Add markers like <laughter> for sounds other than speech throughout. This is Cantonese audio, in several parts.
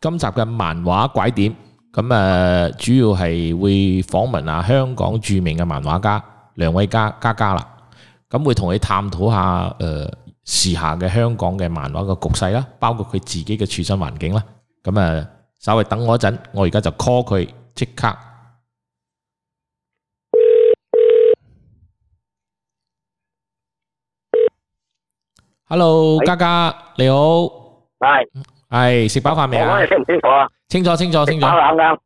今集嘅漫畫拐點咁誒，主要係會訪問下香港著名嘅漫畫家梁偉家嘉嘉啦。咁會同佢探討下誒時下嘅香港嘅漫畫嘅局勢啦，包括佢自己嘅處身環境啦。咁誒，稍微等我一陣，我而家就 call 佢即刻。Hello，嘉嘉你好。Hi。係食飽飯未啊？清唔清楚啊？清楚清楚清楚，啱啱啱，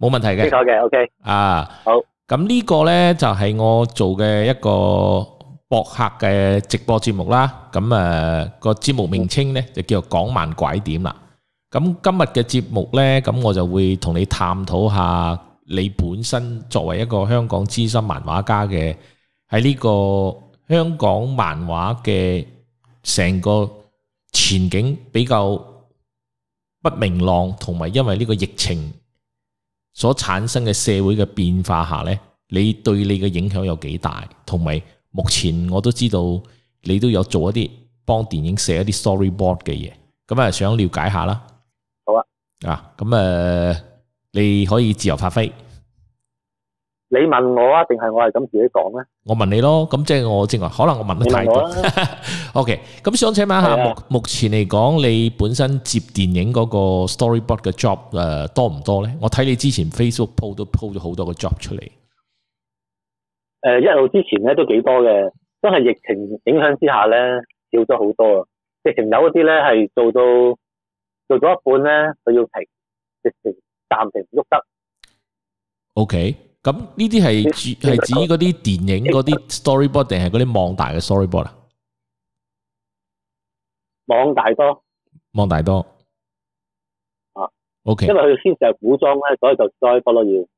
冇問題嘅，清楚嘅，OK。啊，好。咁呢個呢就係我做嘅一個博客嘅直播節目啦。咁誒個節目名稱呢就叫做港漫拐點啦。咁今日嘅節目呢，咁我就會同你探討下你本身作為一個香港資深漫畫家嘅喺呢個香港漫畫嘅成個前景比較不明朗，同埋因為呢個疫情所產生嘅社會嘅變化下呢，你對你嘅影響有幾大？同埋目前我都知道你都有做一啲幫電影寫一啲 storyboard 嘅嘢，咁啊想了解下啦。好啦，啊，啊咁啊，你可以自由發揮。你問我啊，定係我係咁自己講咧？我問你咯，咁即係我正話，可能我問得太多。O K，咁想請問一下，目、 <laughs> okay. 的目前嚟講，你本身接電影嗰個 storyboard 嘅 job 誒、呃、多唔多咧？我睇你之前 Facebook 鋪都鋪咗好多個 job 出嚟。誒、呃，一路之前咧都幾多嘅，都係疫情影響之下咧少咗好多啊！疫情有啲咧係做到做咗一半咧佢要停，直情暫停喐得。O K。咁呢啲係指係指嗰啲電影嗰啲 storyboard 定係嗰啲網大嘅 storyboard 啦？網大多，網大多，啊，O K。Okay 因為佢先就係古裝咧，所以就 storyboard 要。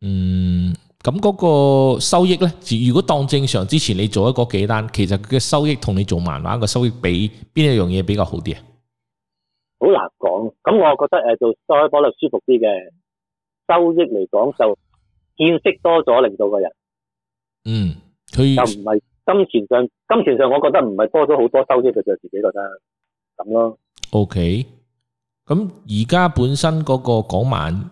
嗯，咁嗰個收益咧，如果當正常之前你做一個幾單，其實佢嘅收益同你做漫畫嘅收益比邊一樣嘢比較好啲啊？好難講，咁我覺得誒做 storyboard 舒服啲嘅，收益嚟講就。見識多咗令到個人，嗯，佢又唔係金錢上金錢上，金錢上我覺得唔係多咗好多收益，就自己覺得咁咯。OK，咁而家本身嗰個港漫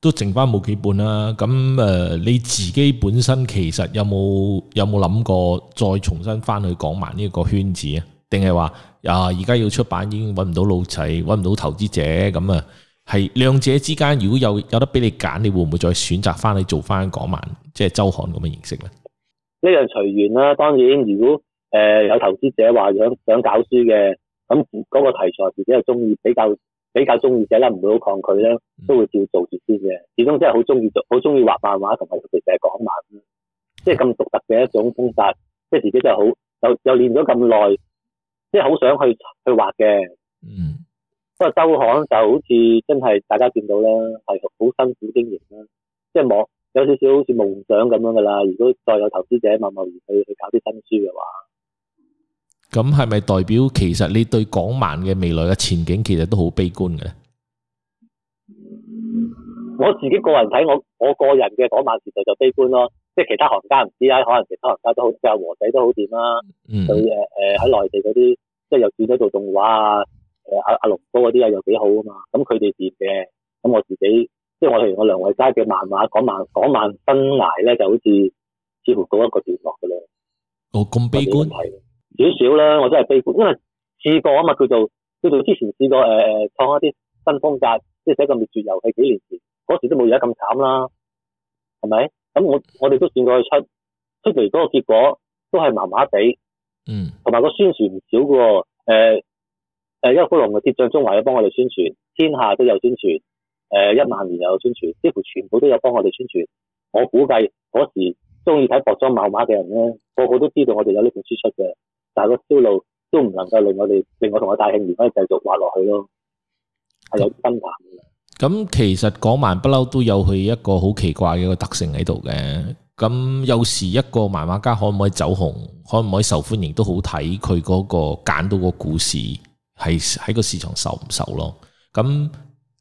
都剩翻冇幾本啦。咁誒，你自己本身其實有冇有冇諗過再重新翻去港漫呢個圈子啊？定係話啊？而家要出版已經搵唔到老齊，搵唔到投資者咁啊？係兩者之間，如果有有得俾你揀，你會唔會再選擇翻你做翻港漫，即係周刊咁嘅形式咧？呢樣隨緣啦，當然，如果誒、呃、有投資者話想想搞書嘅，咁、那、嗰個題材自己係中意，比較比較中意者咧，唔會好抗拒咧，都會照做住先嘅。始終真係好中意做，好中意畫漫畫同埋其實係港漫，即係咁獨特嘅一種風格，即係自己真係好又有練咗咁耐，即係好想去去畫嘅。嗯。不過周刊就好似真係大家見到咧，係好辛苦經營啦，即係冇有少少好似夢想咁樣噶啦。如果再有投資者貿貿然去去搞啲新書嘅話，咁係咪代表其實你對港漫嘅未來嘅前景其實都好悲觀嘅咧？我自己個人睇，我我個人嘅港漫時代就悲觀咯，即係其他行家唔知啦，可能其他行家都好似阿和仔都好掂啦。佢誒誒喺內地嗰啲，即係又轉咗做動畫啊。阿阿、啊啊、龍哥嗰啲又幾好啊嘛，咁佢哋掂嘅，咁我自己即係我譬如我梁偉家嘅漫畫講漫講漫生涯咧，就好似似乎告一個段落嘅咧。哦，咁悲觀少少啦，我真係悲觀，因為試過啊嘛，佢就佢就之前試過誒誒、呃、創一啲新風格，即係寫個滅絕遊戲幾年前，嗰時都冇而家咁慘啦，係咪？咁我我哋都算過去出出嚟，嗰個結果都係麻麻地，嗯，同埋個宣傳唔少嘅喎、哦，呃誒，邱福龍嘅鐵像中華，有幫我哋宣傳，天下都有宣傳，誒、呃、一萬年也有宣傳，幾乎全部都有幫我哋宣傳。我估計嗰時中意睇博裝漫畫嘅人咧，個個都知道我哋有呢本書出嘅，但係個銷路都唔能夠令我哋，令我同阿大慶而家繼續畫落去咯，係、嗯、有困難。咁、嗯嗯、其實講漫不嬲都有佢一個好奇怪嘅一個特性喺度嘅。咁、嗯、有時一個漫畫家可唔可以走紅，可唔可以受歡迎，都好睇佢嗰個揀到個故事。係喺個市場受唔受咯？咁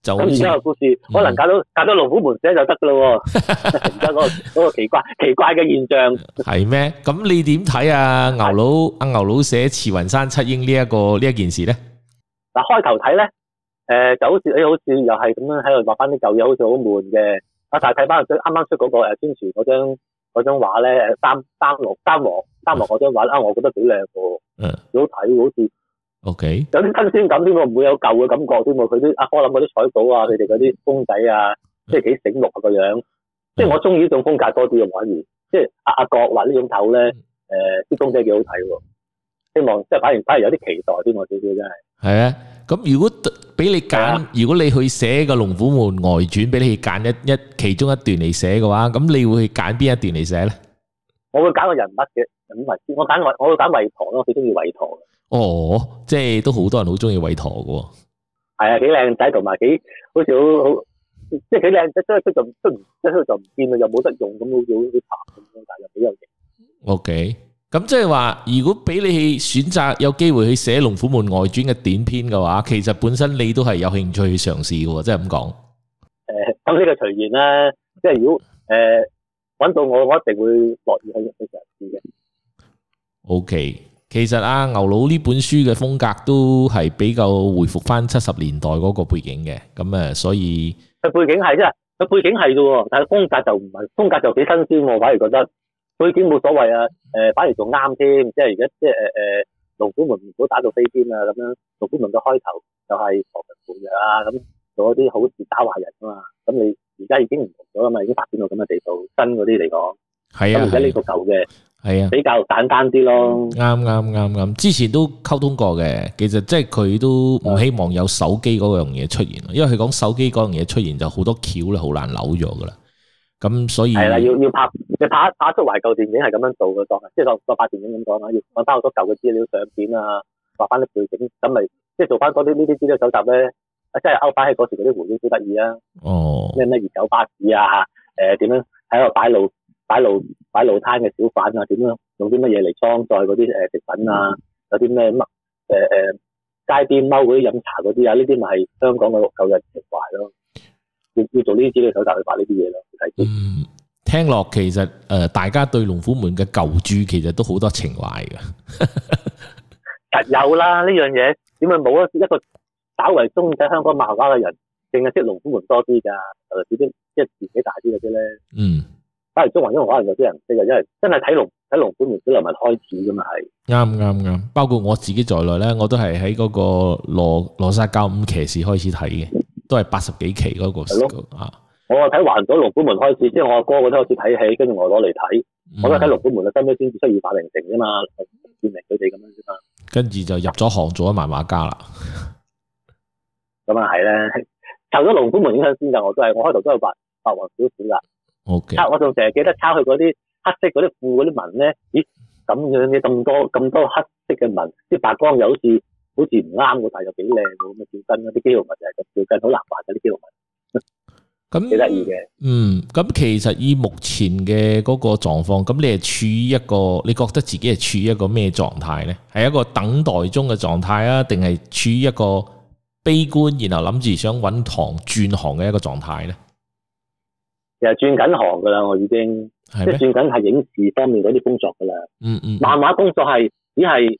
就咁小下故事，可能搞到搞到龍虎門寫就得噶咯？而家嗰個、那個奇怪奇怪嘅現象係咩？咁你點睇啊？的牛佬阿牛佬寫慈雲山七鷹呢、這、一個呢一件事咧？嗱開頭睇咧，誒、呃、就好似誒好似又係咁樣喺度畫翻啲舊嘢，好似好悶嘅。啊，但係睇翻啱啱出嗰、那個誒宣傳嗰張嗰張畫咧，三三羅三羅三羅嗰張畫咧，我覺得幾靚嘅，嗯，幾好睇，好似。有啲新鮮感添喎，唔會有舊嘅感覺添喎。佢啲啊，我諗嗰啲彩稿啊，佢哋嗰啲公仔啊，即係幾醒目啊個樣。即係我中意呢種風格多啲啊，反而即係阿阿國話呢種頭咧，誒啲公仔幾好睇喎。希望即係反而反而有啲期待添喎，我少少真係。係啊，咁如果俾你揀，如果你去寫個《龍虎門外傳》俾你去揀一一其中一段嚟寫嘅話，咁你會揀邊一段嚟寫咧？我會揀個人物嘅咁啊，我揀我會揀魏陀咯，最中意魏陀。哦，即係都好多人好中意韋陀嘅。哦，係啊，幾靚仔同埋幾，好似好好，即係幾靚仔，即係就係就係就唔見啦，又冇得用咁，好似似殘咁，但又幾有型。O K，咁即係話，如果俾你去選擇有機會去寫《龍虎門外傳》嘅短篇嘅話，其實本身你都係有興趣去嘗試嘅，即係咁講。誒，咁呢個隨緣啦，即係如果誒搵，呃、到我，我一定會樂意去去嘗試嘅。O、okay、K。其實啊，牛佬呢本書嘅風格都係比較回復翻七十年代嗰個背景嘅，咁誒，所以佢背景係啫，佢背景係嘅，但係風格就唔係，風格就幾新鮮，我反而覺得背景冇所謂啊，誒，反而仲啱添，即係而家即係誒誒，龍虎門唔好打到飛天啊，咁樣龍虎門嘅開頭就係傻人本著啊，咁做一啲好事打壞人噶嘛，咁你而家已經唔同咗啦嘛，已經發展到咁嘅地步，新嗰啲嚟講。係啊，喺呢個舊嘅，係啊，比較簡單啲咯。啱啱啱啱，之前都溝通過嘅。其實即係佢都唔希望有手機嗰樣嘢出現，因為佢講手機嗰樣嘢出現就好多橋咧，好難扭咗噶啦。咁所以係啦、啊，要要拍，你拍拍，拍出懷舊電影係咁樣做嘅狀，即係個個拍電影咁講啊，要揾翻好多舊嘅資料、相片啊，畫翻啲背景，咁咪即係做翻嗰啲呢啲資料搜集咧，即、啊、係勾巴喺嗰時嗰啲回憶都得意啊。哦，咩咩熱狗巴士啊，誒、呃，點樣喺度擺路？擺路擺路攤嘅小販啊，點樣，用啲乜嘢嚟裝載嗰啲誒食品啊？嗯、有啲咩乜誒誒，街邊踎嗰啲飲茶嗰啲啊？呢啲咪係香港嘅舊日情懷咯。要要做呢啲資料搜集，去畫呢啲嘢咯。嗯，聽落其實誒、呃，大家對龍虎門嘅舊注，其實都好多情懷噶。 <laughs> 嗯、實有啦，呢樣嘢點解冇啊？一個稍為中意睇香港漫畫嘅人，淨係識龍虎門多啲噶，或者啲即係年紀大啲嗰啲咧。嗯。可能《中華英雄》可能有啲人識嘅，因為真係睇龍睇《龍虎門》小人物開始嘅嘛係。啱啱啱，包括我自己在內咧，我都係喺嗰個羅羅剎教五騎士開始睇嘅，都係八十幾期嗰個啊。我睇還咗《龍虎門》開始，啊、即係我阿哥嗰啲開始睇起，跟住我攞嚟睇。我都睇《龍虎門》啊，收尾先至需要八零成啫嘛，證明佢哋咁樣先嘛。跟住就入咗行，做咗漫畫家啦。咁啊係咧，受咗《龍虎門》影響先噶，我都係我開頭都係白白王小虎噶。Okay, 我，我仲成日記得抄佢嗰啲黑色嗰啲褲嗰啲紋咧，咦咁樣嘅咁多咁多黑色嘅紋，啲白光又好似好似唔啱，但又幾靚咁啊！照真嗰啲肌肉紋就係咁，照真好難畫嘅啲肌肉紋，咁幾得意嘅。嗯，咁其實以目前嘅嗰個狀況，咁你係處於一個你覺得自己係處於一個咩狀態咧？係一個等待中嘅狀態啊，定係處於一個悲觀，然後諗住想揾行轉行嘅一個狀態咧？其實轉緊行噶啦，我已經嗎即係轉緊係影視方面嗰啲工作噶啦，嗯。嗯嗯，漫畫工作係只係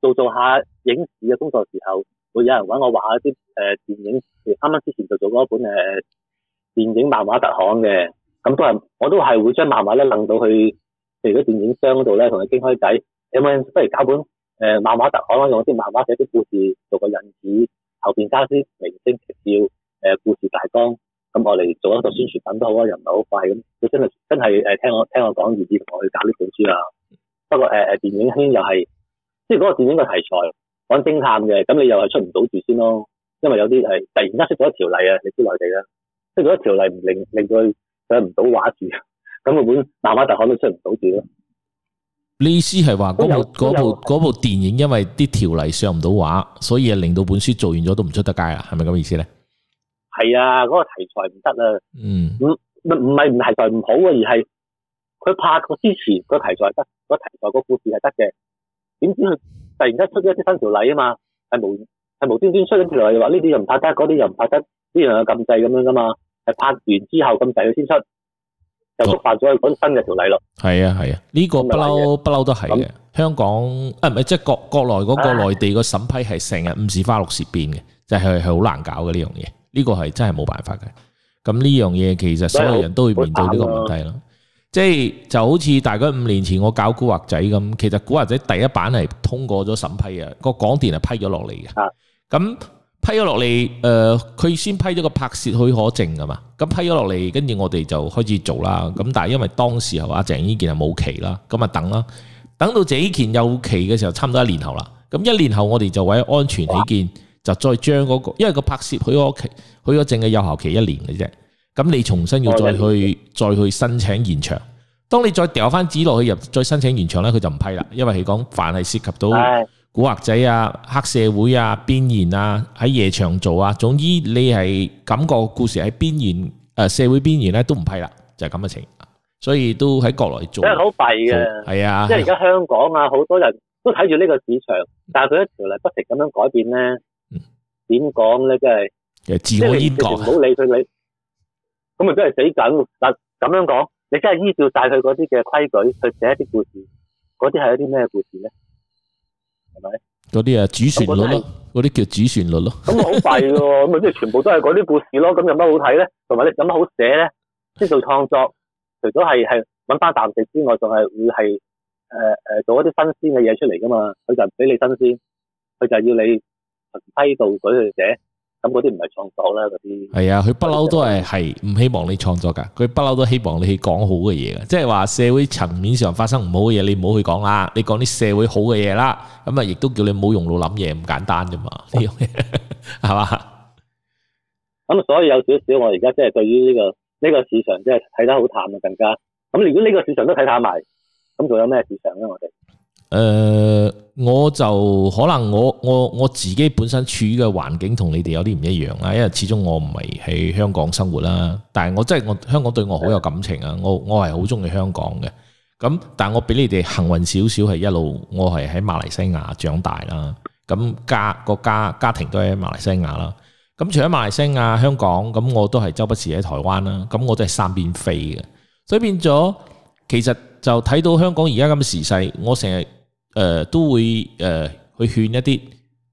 做一做一下影視嘅工作嘅時候，會有人搵我畫一啲誒、呃、電影。譬如啱啱之前就做過一本誒電影漫畫特刊嘅，咁都係我都係會將漫畫咧楞到去譬如啲電影商嗰度咧，同佢傾開偈。有冇人不如搞本誒、呃、漫畫特刊，用啲漫畫寫啲故事，做個引子，後邊加啲明星劇照、誒、呃、故事大綱。咁、嗯、我嚟做一個宣傳品都好，又唔係好快咁。佢真係真係誒，聽我聽我講，願意同我去搞呢本書啊。不過誒誒、呃，電影圈又係，即係嗰個電影嘅題材講偵探嘅，咁你又係出唔到字先咯。因為有啲係突然間出咗條例啊，你知內地啦，出咗條例唔令令佢上唔到畫字，咁個本漫畫大可都出唔到字咯。你意思係話嗰部嗰部嗰部電影，因為啲條例上唔到畫，所以啊令到本書做完咗都唔出得街啊，係咪咁意思咧？係啊，嗰、那個題材唔得啊，嗯，唔唔唔係唔題材唔好啊，而係佢拍過之前、那個題材得，嗰個題材個故事係得嘅，點知突然間出咗一啲新條例啊嘛，係無係無端端出咗一條嚟，話呢啲又唔拍得，嗰啲又唔拍得，呢樣又禁制咁樣噶嘛，係拍完之後咁滯佢先出，就觸犯咗佢本新嘅條例咯。係啊係啊，呢、啊這個不嬲不嬲都係嘅。那香港，誒唔係即係國國內嗰個內地個審批係成日五時花六時變嘅，就係係好難搞嘅呢樣嘢。呢個係真係冇辦法嘅，咁呢樣嘢其實所有人都會面對呢個問題咯。即係就好似大概五年前我搞古惑仔咁，其實古惑仔第一版係通過咗審批，港是批了下來的啊，個廣電係批咗落嚟嘅。咁批咗落嚟，誒佢先批咗個拍攝許可證㗎嘛。咁批咗落嚟，跟住我哋就開始做啦。咁但係因為當時候阿鄭伊健係冇期啦，咁啊等啦，等到鄭伊健有期嘅時候，差唔多一年後啦。咁一年後我哋就為安全起見。啊就再將嗰、那個，因為個拍攝許可期許可證嘅有效期一年嘅啫，咁你重新要再去再去申請延長。當你再掉翻紙落去入，再申請延長咧，佢就唔批啦。因為佢講凡係涉及到古惑仔啊、黑社會啊、邊緣啊、喺夜場做啊，總之你係感覺故事喺邊緣、呃、社會邊緣咧、啊，都唔批啦，就係咁嘅情。所以都喺國內做，真係好弊嘅，做啊，即係而家香港啊，好多人都睇住呢個市場，的但佢佢條例不停咁樣改變咧。點講咧，真係自我言講。唔好理佢你，咁咪真係死梗。嗱咁樣講，你真係依照晒佢嗰啲嘅規矩去寫一啲故事，嗰啲係一啲咩故事咧？係咪？嗰啲啊，主旋律咯，嗰啲叫主旋律咯。咁好弊噶喎！咁咪即係全部都係嗰啲故事咯。咁有乜好睇咧？同埋你有乜好寫咧？即係做創作，除咗係係搵翻啖食之外，仲係會係誒誒做一啲新鮮嘅嘢出嚟噶嘛？佢就唔俾你新鮮，佢就係要你。不批道佢義者，咁嗰啲唔係創作啦，嗰啲係啊，佢不嬲都係係唔希望你創作噶，佢不嬲都希望你去講好嘅嘢噶，即係話社會層面上發生唔好嘅嘢，你唔好去講啦，你講啲社會好嘅嘢啦，咁啊亦都叫你唔好用腦諗嘢，咁簡單啫嘛，呢係嘛？咁所以有少少，我而家即係對於呢個呢個市場，即係睇得好淡啊，更加。咁如果呢個市場都睇淡埋，咁仲有咩市場咧？我哋？誒、呃，我就可能我我我自己本身處於嘅環境同你哋有啲唔一樣啦，因為始終我唔係喺香港生活啦，但係我真係我香港對我好有感情啊，我我係好中意香港嘅，咁但係我比你哋幸運少少，係一路我係喺馬來西亞長大啦，咁家個家家庭都喺馬來西亞啦，咁除咗馬來西亞香港，咁我都係周不時喺台灣啦，咁我都係三邊飛嘅，所以變咗其實就睇到香港而家咁嘅時勢，我成日。誒、呃、都會誒、呃、去勸一啲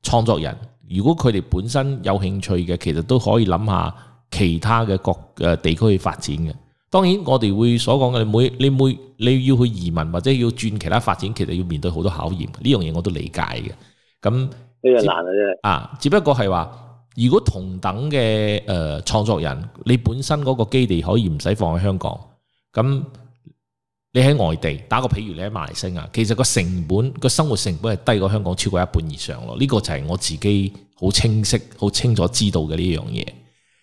創作人，如果佢哋本身有興趣嘅，其實都可以諗下其他嘅各誒地區去發展嘅。當然我，我哋會所講嘅每你每，你，每你要去移民或者要轉其他發展，其實要面對好多考驗。呢樣嘢我都理解嘅。咁呢個難啊，真啊，只不過係話，如果同等嘅誒創作人，你本身嗰個基地可以唔使放喺香港，咁。你喺外地打個譬如，你喺馬來西亞，其實個成本、個生活成本係低過香港超過一半以上咯。呢個就係我自己好清晰、好清楚知道嘅呢樣嘢。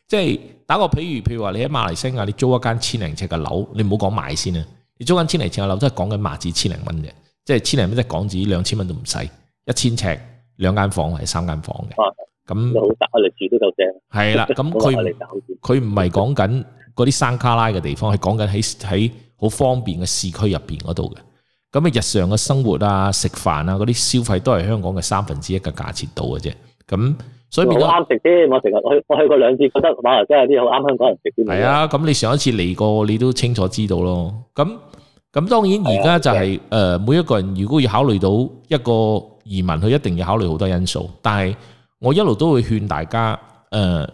即係打個譬如，譬如話你喺馬來西亞，你租一間千零尺嘅樓，你唔好講賣先啊。你租間千零尺嘅樓，都係講緊馬紙千零蚊嘅，即係千零蚊即係港紙兩千蚊都唔使，一千尺兩間房或者三間房嘅。咁好搭啊！嚟住都夠正。係啦，咁佢佢唔係講緊嗰啲山卡拉嘅地方，係講緊喺喺好方便嘅市區入邊嗰度嘅，咁啊日常嘅生活啊、食飯啊嗰啲消費都係香港嘅三分之一嘅價錢度嘅啫。咁所以變咗啱食啫，我成日去，我去過兩次，覺得馬來西亞啲好啱香港人食。係啊，咁你上一次嚟過，你都清楚知道咯。咁咁當然而家就係誒每一個人，如果要考慮到一個移民，佢一定要考慮好多因素。但係我一路都會勸大家誒、呃，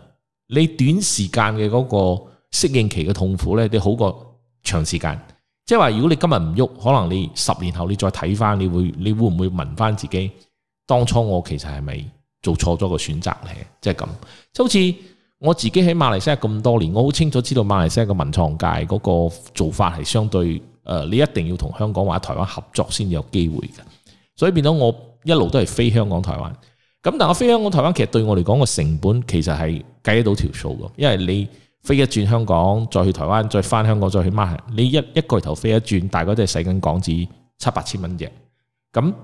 你短時間嘅嗰個適應期嘅痛苦呢，你好過長時間，即係話，如果你今日唔喐，可能你十年後你再睇翻，你會你會唔會問翻自己，當初我其實係咪做錯咗個選擇呢？即係咁，就好似我自己喺馬來西亞咁多年，我好清楚知道馬來西亞個文創界嗰個做法係相對誒，你一定要同香港或者台灣合作先有機會嘅，所以變咗我一路都係飛香港台灣。咁但我飛香港台灣，其實對我嚟講個成本其實係計得到條數噶，因為你。飛一轉香港，再去台灣，再翻香港，再去馬來。你一一個月頭飛一轉，大概都係使緊港紙七八千蚊啫。咁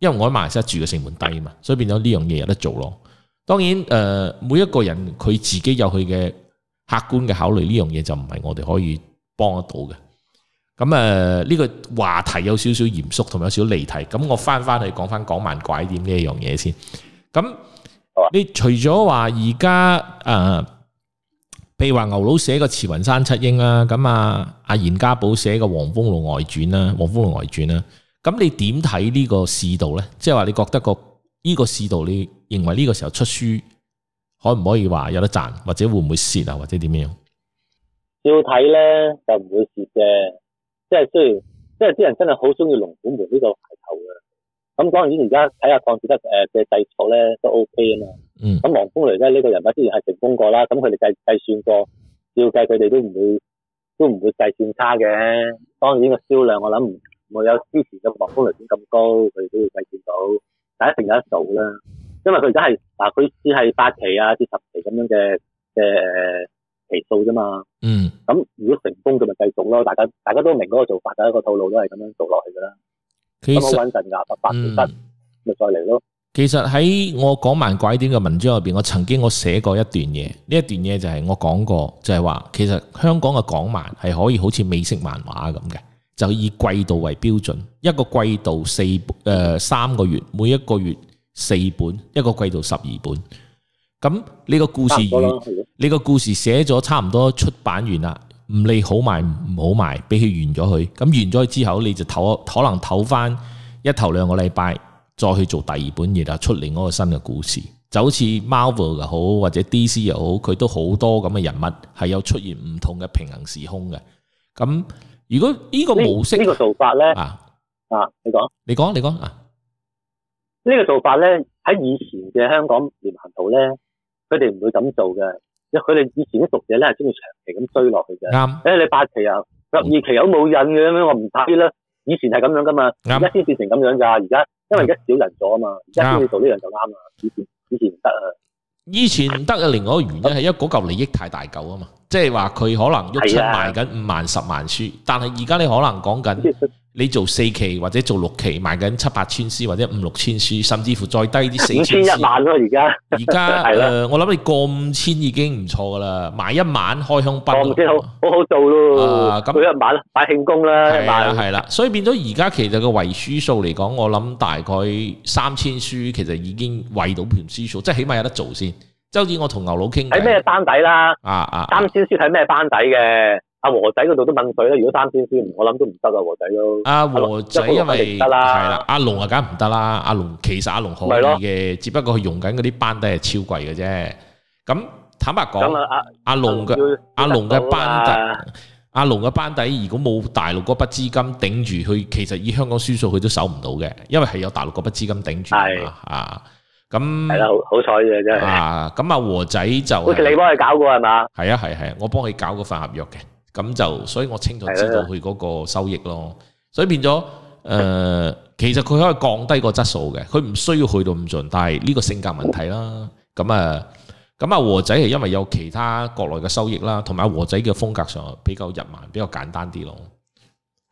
因為我喺馬來西亞住嘅成本低啊嘛，所以變咗呢樣嘢有得做咯。當然誒、呃，每一個人佢自己有佢嘅客觀嘅考慮，呢樣嘢就唔係我哋可以幫得到嘅。咁誒呢個話題有少少嚴肅，同埋有少離題。咁我翻翻去講翻港漫拐點呢樣嘢先。咁，你除咗話而家誒。呃譬如話牛佬寫個慈雲山七鷹啊，咁啊阿嚴家寶寫個黃蜂路外傳啦，黃蜂路外傳啦，咁你點睇呢個市道咧？即係話你覺得個呢個市道，你認為呢個時候出書可唔可以話有得賺，或者會唔會蝕啊？或者點樣？要睇咧，就唔會蝕嘅。即係雖然，即係啲人真係好中意龍虎門呢個牌頭嘅。咁當然而家睇下鄺志德誒嘅製作咧都 OK 啊嘛。嗯，咁王峰雷咧呢個人物之前係成功過啦，咁佢哋計計算過，照計佢哋都唔會都唔會計算差嘅。當然個銷量我諗冇有之前個王峰雷咁高，佢哋都會計算到，但一定有得做啦。因為佢而家係嗱，佢只係八期啊至十期咁樣嘅嘅期數啫嘛。嗯，咁如果成功嘅咪繼續咯。大家大家都明嗰個做法，第一個套路都係咁樣做落去噶啦。咁我穩陣額八期得，咪、嗯、再嚟咯。其實喺我講漫拐點嘅文章入邊，我曾經我寫過一段嘢。呢一段嘢就係我講過就是說，就係話其實香港嘅港漫係可以好似美式漫畫咁嘅，就以季度為標準，一個季度四誒、呃、三個月，每一個月四本，一個季度十二本。咁呢個故事完，你個故事寫咗差唔多出版完啦。唔理好賣唔好賣，畀佢完咗佢，咁完咗佢之後，你就唞可能唞翻一頭兩個禮拜。再去做第二本嘢，然後出另外一個新嘅故事，就好似 Marvel 又好或者 DC 又好，佢都好多咁嘅人物係有出現唔同嘅平行時空嘅。咁如果呢個模式呢個做法咧啊啊，你講你講你講啊，呢個做法咧喺以前嘅香港連環圖咧，佢哋唔會咁做嘅。佢哋以前啲讀者咧係中意長期咁追落去嘅。啱。對，因、哎、你八期有十二期有冇印嘅？咁我唔睇啦。以前係咁樣噶嘛，而家先變成咁樣㗎。而家因為而家少人咗啊嘛，而家做呢樣就啱啦，以前以前唔得啊。以前唔得嘅另外一個原因係，因為嗰嚿利益太大嚿啊嘛，即係話佢可能喐出賣緊五萬、十萬書，的但係而家你可能講緊。 <laughs> 你做四期或者做六期，賣緊七八千書或者五六千書，甚至乎再低啲四千。五千一萬咯在，而家而家，我諗你過五千已經唔錯噶啦，買一萬開香檳。哦，咁即好好做咯。啊、呃，咁買一萬，咯，擺慶功啦。係啊，係啦，所以變咗而家其實個維書數嚟講，我諗大概三千書其實已經維到盤書數，即、就、係、是、起碼有得做先。好似我同牛佬傾係咩班底啦？啊啊，啊三千書睇咩班底嘅？阿、啊、和仔嗰度都問佢啦，如果三仙先我諗都唔得啊！和仔都阿、啊、和仔、啊、因為得啦，係啦，阿龍啊梗係唔得啦，阿龍其實阿龍好嘅，了只不過佢用緊嗰啲班底係超貴嘅啫。咁坦白講，啊、阿龍、啊、阿龍嘅阿龍嘅班底，阿龍嘅班底如果冇大陸嗰筆資金頂住佢，其實以香港輸數佢都守唔到嘅，因為係有大陸嗰筆資金頂住。係是啊，咁係啦，好彩嘅啊。咁阿和仔就好、是、似你幫佢搞過係嘛？係啊係係啊，啊，我幫佢搞個份合約嘅。咁就，所以我清楚知道佢嗰個收益咯，的所以變咗，誒、呃， <laughs> 其實佢可以降低個質素嘅，佢唔需要去到咁盡，但係呢個性格問題啦，咁啊，咁啊和仔係因為有其他國內嘅收益啦，同埋和仔嘅風格上係比較日漫比較簡單啲咯，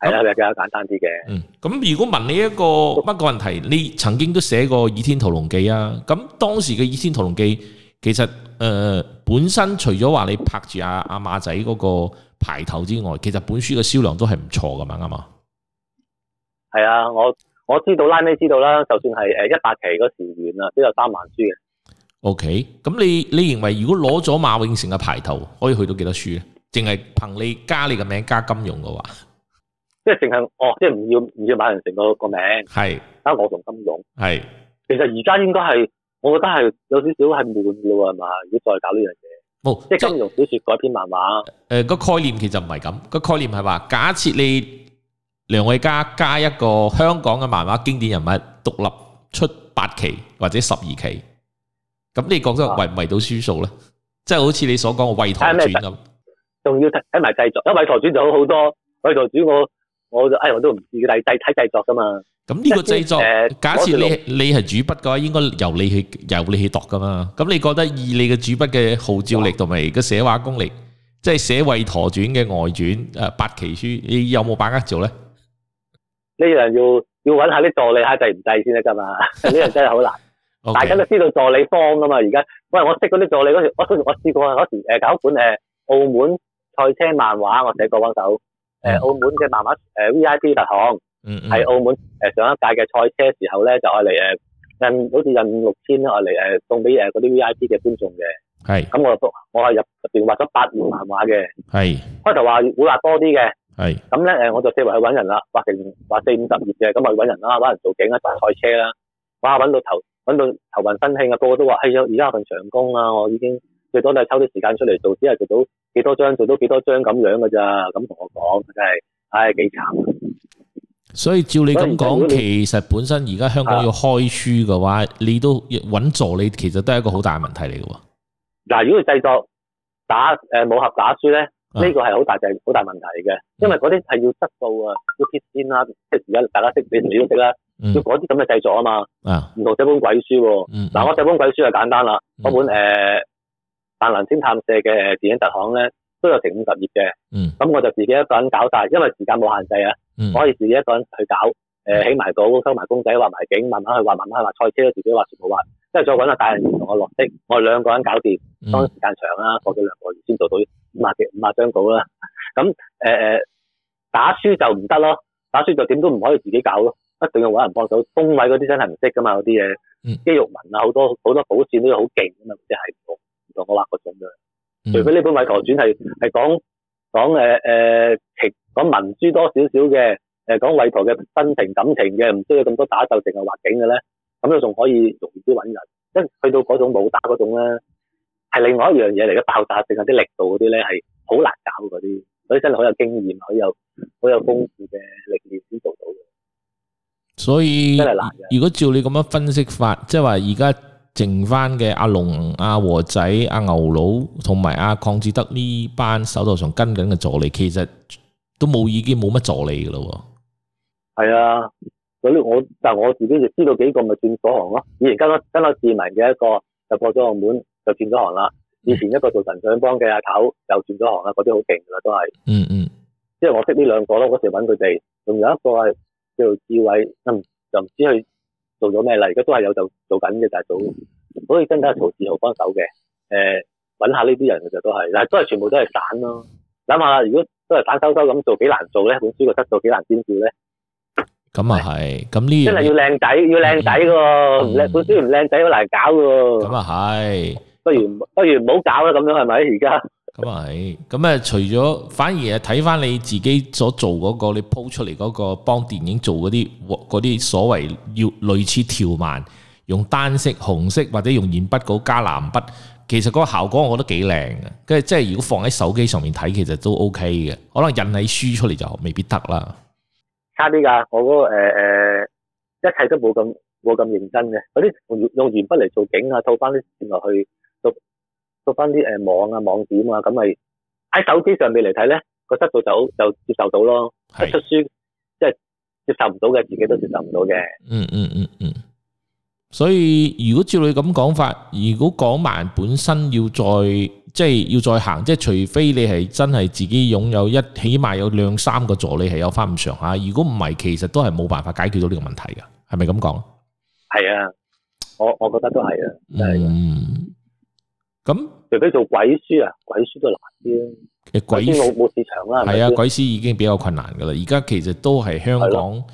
係啦，比較簡單啲嘅，嗯，咁如果問你一個乜個問題，你曾經都寫過《倚天屠龍記》啊，咁當時嘅《倚天屠龍記》，其實誒、呃、本身除咗話你拍住阿阿馬仔嗰、那個。排頭之外，其實本書嘅銷量都係唔錯噶嘛，啱嘛？係啊，我我知道拉美，知道啦，就算係誒一百期嗰時完啦，都有三萬書嘅。O K，咁你你認為如果攞咗馬永成嘅排頭，可以去到幾多書咧？淨係憑你加你嘅名加金融嘅話，即係淨係哦，即係唔要唔要馬永成個個名，係啊是，我同金融係。是其實而家應該係，我覺得係有少少係悶噶喎，係嘛？如果再搞呢樣嘢。即係、哦、金庸小說改編漫畫。誒、呃，個概念其實唔係咁，個概念係話假設你梁偉家加一個香港嘅漫畫經典人物，獨立出八期或者十二期，咁你講咗圍唔圍到書數咧？即係、啊、好似你所講嘅《魏陀傳》咁，仲要睇埋繼續，因為《魏陀傳》就好多，《魏陀傳》我。我哎，我都唔知嘅，但係睇製作噶嘛。咁呢個製作，呃、假設你你係主筆嘅話，呃、應該由你去由你去讀噶嘛。咁你覺得以你嘅主筆嘅號召力同埋而家寫畫功力，哇即係寫衛陀傳嘅外傳誒、啊、八期書，你有冇把握做咧？呢樣要要揾下啲助理睇製唔製先得噶嘛？呢樣真係好難。大家都知道助理方噶嘛。而家喂，我識嗰啲助理嗰時，我我試過嗰時誒搞一本誒、呃、澳門賽車漫畫，我寫過翻手。 <laughs> 誒，澳門嘅漫畫誒 V I P 特行，嗯，喺澳門誒上一屆嘅賽車嘅時候咧，就愛嚟誒印，好似印五六千啊嚟誒送俾誒嗰啲 V I P 嘅觀眾嘅。係是，咁我就，我係入入邊畫咗八頁漫畫嘅。係是，開頭話會畫多啲嘅。係是，咁咧誒我就四圍去搵人啦，畫成四五十頁嘅，咁啊搵人啦，搵人做景啊做賽車啦，哇，搵到頭搵到頭暈身興啊，個個都話係啊，而家有份長工啊，我已經。最多都係抽啲時間出嚟做，只係做到幾多張，做到幾多張咁樣噶咋？咁同我講，真係唉，幾慘。所以照你咁講，其實本身而家香港要開書嘅話，啊、你都搵助理，其實都係一個好大問題嚟嘅。嗱，如果你製作打誒武俠打書咧，呢個係好大、好大問題嘅，因為嗰啲係要得到啊，要 keep 先啦。即係而家大家識，你哋都識啦。嗯、要嗰啲咁嘅製作啊嘛，唔同寫本鬼書。嗱、啊嗯啊，我寫本鬼書就簡單啦，嗯、本誒。呃但能星探社嘅電影特行咧都有成五十頁嘅，咁、嗯、我就自己一個人搞晒，因為時間冇限制啊，嗯、我可以自己一個人去搞，誒起埋稿、收埋公仔、畫埋景，慢慢去畫，慢慢去畫賽車都自己畫全部畫，即係再搵個大人同我落色，嗯、我哋兩個人搞掂，嗯、當時間長啦，過咗兩個月先做到五十頁、五十張稿啦。咁誒誒打輸就唔得咯，打輸就點都唔可以自己搞咯，一定要搵人幫手，工位嗰啲真係唔識噶嘛，嗰啲嘢，嗯、肌肉紋啊，好多好多短線都好勁噶嘛，即係。我畫個景啫，除非呢本《韋陀傳》係係講講誒誒，講文書多少少嘅，誒講韋陀嘅真情感情嘅，唔需要咁多打鬥性嘅環境嘅咧，咁都仲可以容易啲搵人。因為去到嗰種武打嗰種咧，係另外一樣嘢嚟嘅，爆炸淨係啲力度嗰啲咧，係好難搞嗰啲，所以真係好有經驗，好有好有豐富嘅、歷練，先做到嘅。所以真係難。如果照你咁樣分析法，即係話而家。剩翻嘅阿龍、阿和仔、阿牛佬同埋阿鄺志德呢班手頭上跟緊嘅助理，其實都冇已經，冇乜助理噶咯。係啊，嗰啲我但係我自己就知道幾個咪轉咗行咯。以前跟咗跟咗市民嘅一個就過咗澳門，就轉咗行啦。以前一個做神上幫嘅阿頭又轉咗行啦，嗰啲好勁噶啦都係。嗯嗯，即係我識呢兩個咯，嗰時搵佢哋，仲有一個係叫做志偉，就唔知佢。做咗咩啦？而家都係有就做緊嘅，但係好好似真係曹志豪幫手嘅。誒，揾下呢啲人其實都係，嗱，都係全部都係散咯。諗下，如果都係散收收咁做，幾難做咧？本書個質素幾難兼顧咧？咁啊係，咁呢樣真係要靚仔，要靚仔個靚本書唔靚仔好難搞噶。咁啊係，不如不如唔好搞啦，咁樣係咪而家？咁係，咁啊除咗反而啊睇翻你自己所做嗰個，你鋪出嚟嗰個幫電影做嗰啲，嗰啲所謂要類似條漫，用單色紅色或者用鉛筆稿加藍筆，其實嗰個效果我覺得幾靚嘅，跟住即係如果放喺手機上面睇，其實都 OK 嘅，可能印喺書出嚟就未必得啦。差啲噶，我嗰、嗰個誒誒、呃，一切都冇咁冇咁認真嘅，嗰啲用用鉛筆嚟做景啊，套翻啲綫落去。做翻啲誒網啊、網點啊，咁咪喺手機上面嚟睇咧，個質素就就接受到咯。係一出書即係接受唔到嘅，自己都接受唔到嘅。嗯嗯嗯嗯，所以如果照你咁講法，如果講埋本身要再即係要再行，即係除非你係真係自己擁有一起碼有兩三個助理係有翻咁上下。吓，如果唔係，其實都係冇辦法解決到呢個問題嘅，係咪咁講？係啊，我我覺得都係啊，嗯。咁，除非那做鬼書啊，鬼書都難啲咯。鬼書冇市場啦，係啊，鬼書、啊啊、已經比較困難噶啦。而家其實都係香港，是的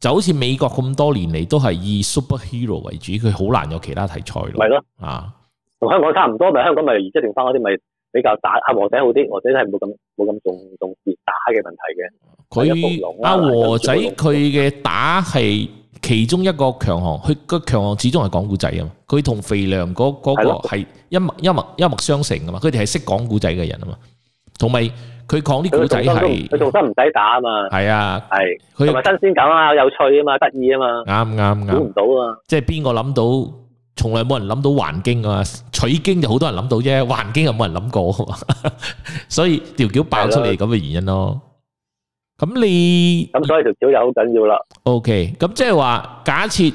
就好似美國咁多年嚟都係以 Superhero 為主，佢好難有其他題材咯。係咯的，啊，同香港差唔多，咪香港咪即係定翻嗰啲咪比較打阿和仔好啲，和仔都係冇咁冇咁重重視打嘅問題嘅。佢阿和仔佢嘅打係。其中一個強項，佢個強項始終係講古仔啊嘛。佢同肥良嗰嗰個係一脈一脈一脈相承噶嘛。佢哋係識講古仔嘅人啊嘛。同埋佢講啲古仔係佢做得唔使打啊嘛。係啊，係佢又新鮮感啊，有趣啊嘛，得意啊嘛。啱啱啱。估唔到啊！即係邊個諗到？從來冇人諗到，還人想到《還經》啊，《取經》就好多人諗到啫，《還經》又冇人諗過。 <laughs> 所以條橋爆出嚟，咁嘅原因咯。咁你咁所以條小友好緊要啦。OK，咁即係話假設，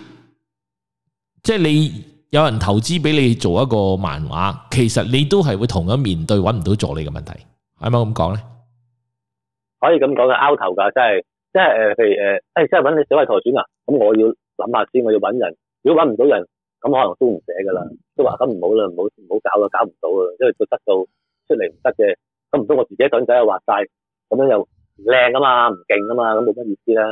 即係你有人投資畀你做一個漫畫，其實你都係會同樣面對揾唔到助理嘅問題，係咪？咁講咧？可以咁講嘅，out 頭噶，即係即係誒、呃，譬如誒誒、呃，即係搵你小慧陀選啊。咁我要諗下先，我要搵人。如果搵唔到人，咁可能都唔寫噶啦。嗯、都話咁唔好啦，唔好唔好搞啦，搞唔到啊，因為佢得到出，出嚟唔得嘅，咁唔通我自己一滾仔又畫晒，咁樣又。唔靚啊嘛，唔勁啊嘛，咁冇乜意思啦，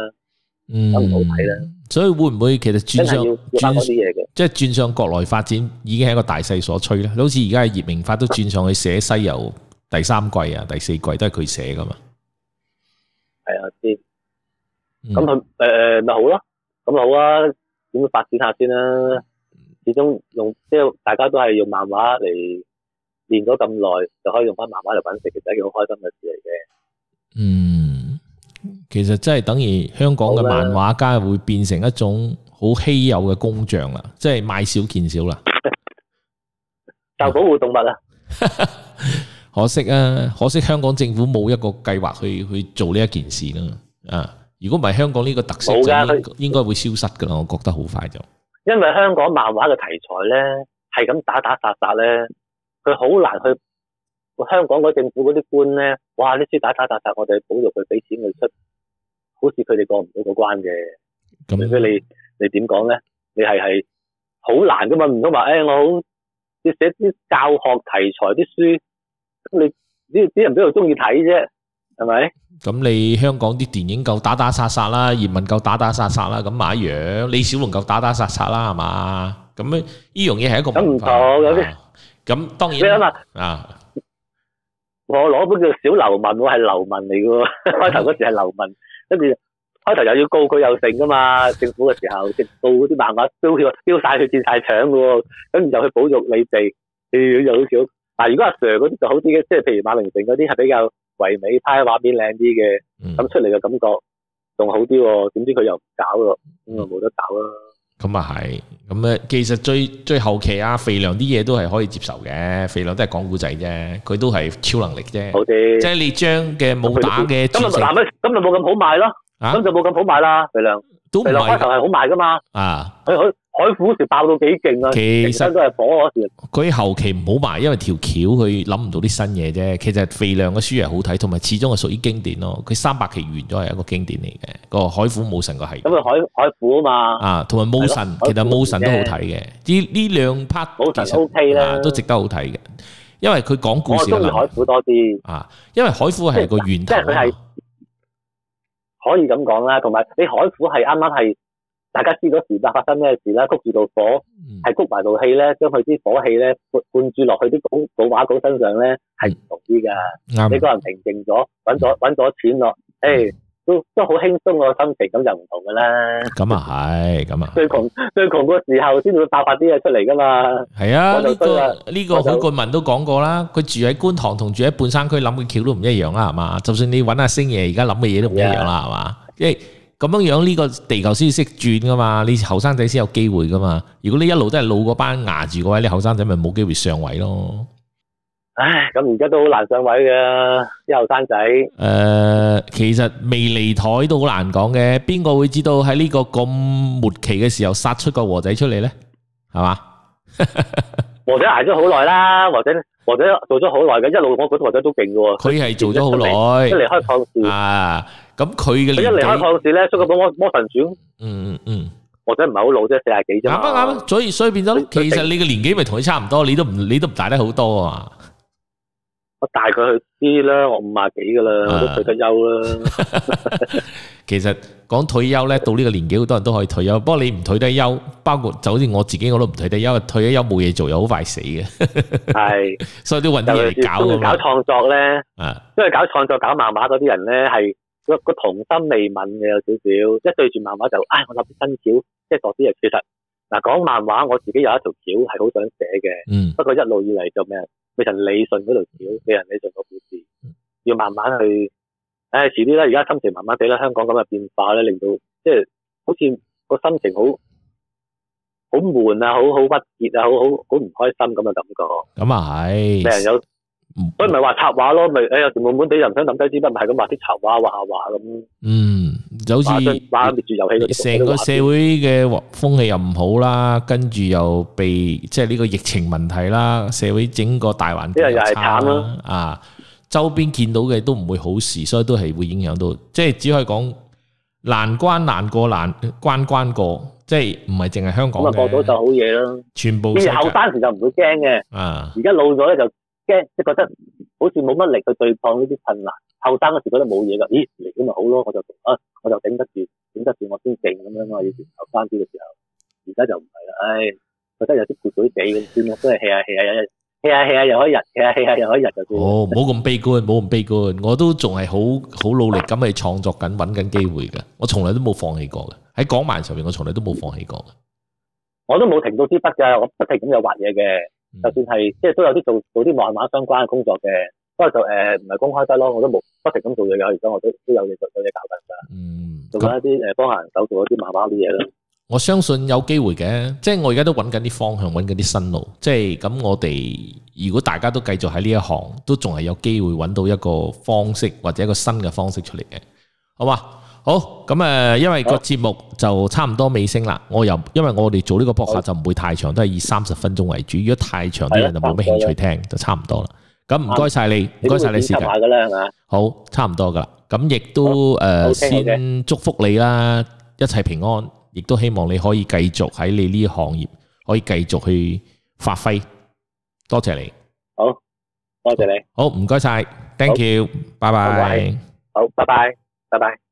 咁唔、嗯、好睇啦。所以會唔會其實轉上轉嗰啲嘢嘅？即係轉上國內發展，已經係一個大勢所趨啦？好似而家葉明發都轉上去寫《西遊》第三季啊、 <laughs> 第四季，都係佢寫噶嘛。係啊，知，咁佢誒咪好咯，咁、嗯呃、好啊，點、啊、發展一下先啦、啊？始終用即係大家都係用漫畫嚟練咗咁耐，就可以用翻漫畫嚟搵食，其實係一件好開心嘅事嚟嘅。嗯，其實真係等於香港嘅漫畫家會變成一種好稀有嘅工匠啦，的即係買少見少啦。就 <laughs> 保護動物啦， <laughs> 可惜啊，可惜香港政府冇一個計劃去去做呢一件事啦、啊。啊，如果唔係香港呢個特色，冇噶，應該會消失噶啦。我覺得好快就，因為香港漫畫嘅題材呢係咁打打殺殺呢，佢好難去。香港嗰政府嗰啲官咧，哇啲書打打殺殺，我哋保育佢俾錢佢出，好似佢哋過唔到嗰關嘅。咁、嗯、你你點講咧？你係係好難噶嘛？唔通話我好要寫啲教學題材啲書，你啲啲人邊度中意睇啫？係咪？咁你、嗯、香港啲電影夠打打殺殺啦，葉問夠打打殺殺啦，咁買樣李小龍夠打打殺殺啦，係嘛？咁呢呢樣嘢係一個文化啊。咁、嗯嗯、當然啊。我攞本叫小流民，我係流民嚟嘅喎。開頭嗰時係流民，跟住開頭又要告佢又勝嘅嘛。政府嘅時候，即係嗰啲漫畫都要丟晒佢，剪晒腸嘅喎。咁然後就去保育你哋，佢又好少。嗱，如果阿 Sir 嗰啲就好啲嘅，即係譬如馬榮成嗰啲係比較唯美派、畫面靚啲嘅，咁、嗯、出嚟嘅感覺仲好啲、哦。點知佢又唔搞咯，咁啊冇得搞啦。咁啊係。其實最最後期啊，肥良啲嘢都係可以接受嘅，肥良都係講古仔啫，佢都係超能力啫，些即係你將嘅武打嘅，咁就嗱咩，咁就冇咁好賣咯，咁、啊、就冇咁好賣啦，肥良，都肥良開頭係好賣㗎嘛，啊，海虎嗰時爆到幾勁啊！其實都係火時。佢後期唔好埋，因為條橋佢諗唔到啲新嘢啫。其實肥亮嘅書係好睇，同埋始終係屬於經典咯。佢三百期完咗係一個經典嚟嘅。個海虎武神個係。咁啊，海海虎啊嘛。啊，同埋武神，其實武神都好睇嘅。呢呢兩 part 其實 OK 啦，啊，都值得好睇嘅。因為佢講故事係難。我中意海虎多啲。啊，因為海虎係個源頭。即係佢係可以咁講啦，同埋你海虎係啱啱係。大家知咗事啦，發生咩事啦？谷住道火係谷埋道氣咧，將佢啲火氣咧灌灌注落去啲古古畫稿身上咧，係唔同啲噶。啱，你個人平靜咗，揾咗揾咗錢咯，誒，都都好輕鬆個心情，咁就唔同噶啦。咁啊係，咁啊。最窮最窮個時候，先會爆發啲嘢出嚟噶嘛。係啊，呢個呢個許冠文都講過啦。佢住喺觀塘同住喺半山區諗嘅橋都唔一樣啦，係嘛？就算你揾阿星爺而家諗嘅嘢都唔一樣啦，係嘛？因為咁樣樣呢個地球先識轉噶嘛？你後生仔先有機會噶嘛？如果你一路都係老嗰班牙住嗰位，你後生仔咪冇機會上位咯。唉，咁而家都好難上位嘅啲後生仔。誒、呃，其實未離台都好難講嘅，邊個會知道喺呢個咁末期嘅時候殺出個和仔出嚟呢？係嘛？ <laughs> 或者捱咗好耐啦，或者或者做咗好耐嘅一路，我覺得或者都勁嘅喎。佢係做咗好耐，離啊、一離開喪市。啊，咁佢嘅一離開喪市咧，出個魔魔神傳，嗯嗯嗯，或者唔係好老啫，四十幾啫。唔啱啱，所以所以變咗，其實你嘅年紀咪同佢差唔多，你都唔你都唔大得好多啊帶佢去啲啦，我五十幾噶啦，我、uh, 都退得休啦。 <laughs> <laughs> 其實講退休咧，到呢個年紀，好多人都可以退休。不過你唔退得休，包括就好似我自己，我都唔退得休。退咗休冇嘢做，又好快死嘅。係 <laughs> 是，所以都揾啲嘢搞咯，搞創作咧，因為、uh. 搞創作、搞漫畫嗰啲人咧，係個童心未泯嘅有少少。一對住漫畫就，唉，我諗啲新橋，即係作啲嘢。其實嗱，講漫畫，我自己有一條橋係好想寫嘅，uh. 不過一路以嚟做咩？未曾理順嗰度少，未人理順個故事，要慢慢去。唉、哎，遲啲啦，而家心情慢慢地啦，香港咁嘅變化咧，令到即係好似個心情好好悶啊，好好鬱結啊，好好好唔開心咁嘅感覺。咁啊係，未曾有，所以咪話插畫咯，咪誒有時悶悶地又唔想諗低啲乜，咪係咁畫啲插畫、畫下畫咁。嗯。就好似玩住遊戲，成個社會嘅風氣又唔好啦，跟住又被即係呢個疫情問題啦，社會整個大環境又差啦。啊，周邊見到嘅都唔會好事，所以都係會影響到。即係只可以講難關難過難關關過，即係唔係淨係香港咁啊過到就好嘢咯。全部後生時就唔會驚嘅，啊！而家老咗咧就驚，即係覺得好似冇乜力去對抗呢啲困難。後生嗰時覺得冇嘢噶，咦嚟咁咪好咯？我就啊，我就頂得住，頂得住我先勁咁樣嘛。以前後生啲嘅時候，而家就唔係啦。唉，覺得有啲攰鬼死咁算啦。都係氣下氣下，有日氣下氣下又一日，氣下氣下又一日就算。哦，唔好咁悲觀，唔好咁悲觀，我都仲係好好努力咁去創作緊，搵緊機會噶。我從來都冇放棄過噶，喺港漫上面，我從來都冇放棄過。我都冇停到支筆噶，我不停咁有畫嘢嘅，就算係即係都有啲做做啲漫畫相關嘅工作嘅。呃、不過就誒，唔係公開得咯，我都冇不停咁做嘢嘅，而家我都都有嘢做事教，有嘢搞緊噶。嗯，做緊一啲誒，幫客人手做一啲麻包啲嘢咯。我相信有機會嘅，即係我而家都揾緊啲方向，揾緊啲新路。即係咁，我哋如果大家都繼續喺呢一行，都仲係有機會揾到一個方式或者一個新嘅方式出嚟嘅。好嘛，好咁誒，因為這個節目就差唔多尾聲啦。我又因為我哋做呢個博客就唔會太長，的都係以三十分鐘為主。如果太長啲的人就冇咩興趣聽，的就差唔多啦。咁唔該晒你，唔該晒你時間。好，差唔多噶啦。咁亦都誒，okay, okay. 先祝福你啦，一切平安。亦都希望你可以繼續喺你呢行業，可以繼續去發揮。多謝你，好多謝你，好唔該晒，thank you，拜拜，好，bye，好拜拜，拜拜。